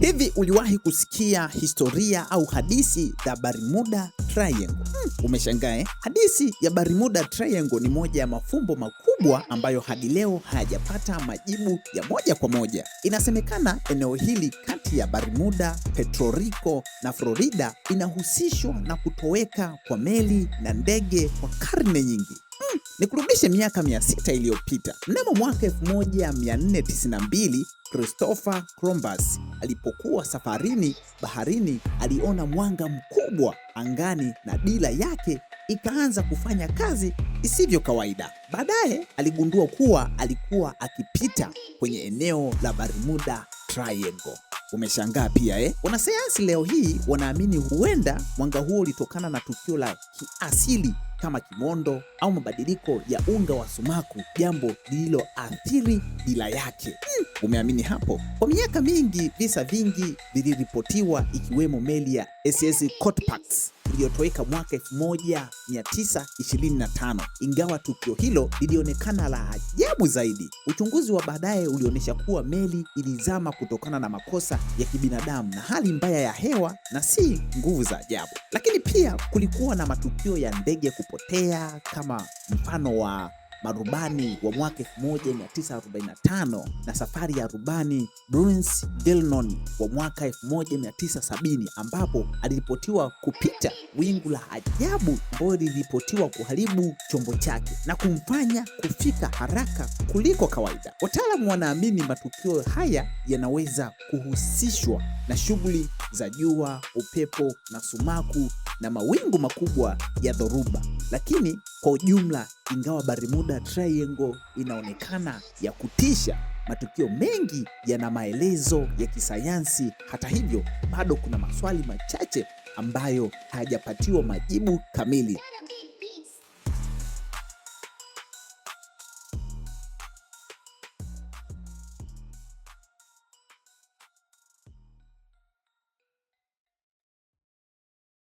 Hivi uliwahi kusikia historia au hadithi ya Bermuda Triangle? Hmm, umeshangae. eh? Hadithi ya Bermuda Triangle ni moja ya mafumbo makubwa ambayo hadi leo hayajapata majibu ya moja kwa moja. Inasemekana eneo hili kati ya Bermuda, Puerto Rico na Florida inahusishwa na kutoweka kwa meli na ndege kwa karne nyingi. Nikurudishe miaka 600 iliyopita, mnamo mwaka 1492 Christopher Columbus alipokuwa safarini baharini, aliona mwanga mkubwa angani na dira yake ikaanza kufanya kazi isivyo kawaida. Baadaye aligundua kuwa alikuwa akipita kwenye eneo la Bermuda Triangle. Umeshangaa pia eh? Wanasayansi leo hii wanaamini huenda mwanga huo ulitokana na tukio la kiasili kama kimondo au mabadiliko ya unga wa sumaku, jambo lililoathiri bila yake. Hmm, umeamini hapo? Kwa miaka mingi visa vingi viliripotiwa ikiwemo meli ya SCS Court iliyotoweka mwaka 1925. Ingawa tukio hilo lilionekana la ajabu zaidi, uchunguzi wa baadaye ulionyesha kuwa meli ilizama kutokana na makosa ya kibinadamu na hali mbaya ya hewa na si nguvu za ajabu. Lakini pia kulikuwa na matukio ya ndege kupotea kama mfano wa marubani wa mwaka 1945 na safari ya rubani Bruce Delnon wa mwaka 1970 ambapo aliripotiwa kupita wingu la ajabu ambayo liliripotiwa kuharibu chombo chake na kumfanya kufika haraka kuliko kawaida. Wataalamu wanaamini matukio haya yanaweza kuhusishwa na shughuli za jua, upepo na sumaku na mawingu makubwa ya dhoruba, lakini kwa ujumla, ingawa barimuda Triangle inaonekana ya kutisha, matukio mengi yana maelezo ya kisayansi. Hata hivyo, bado kuna maswali machache ambayo hayajapatiwa majibu kamili.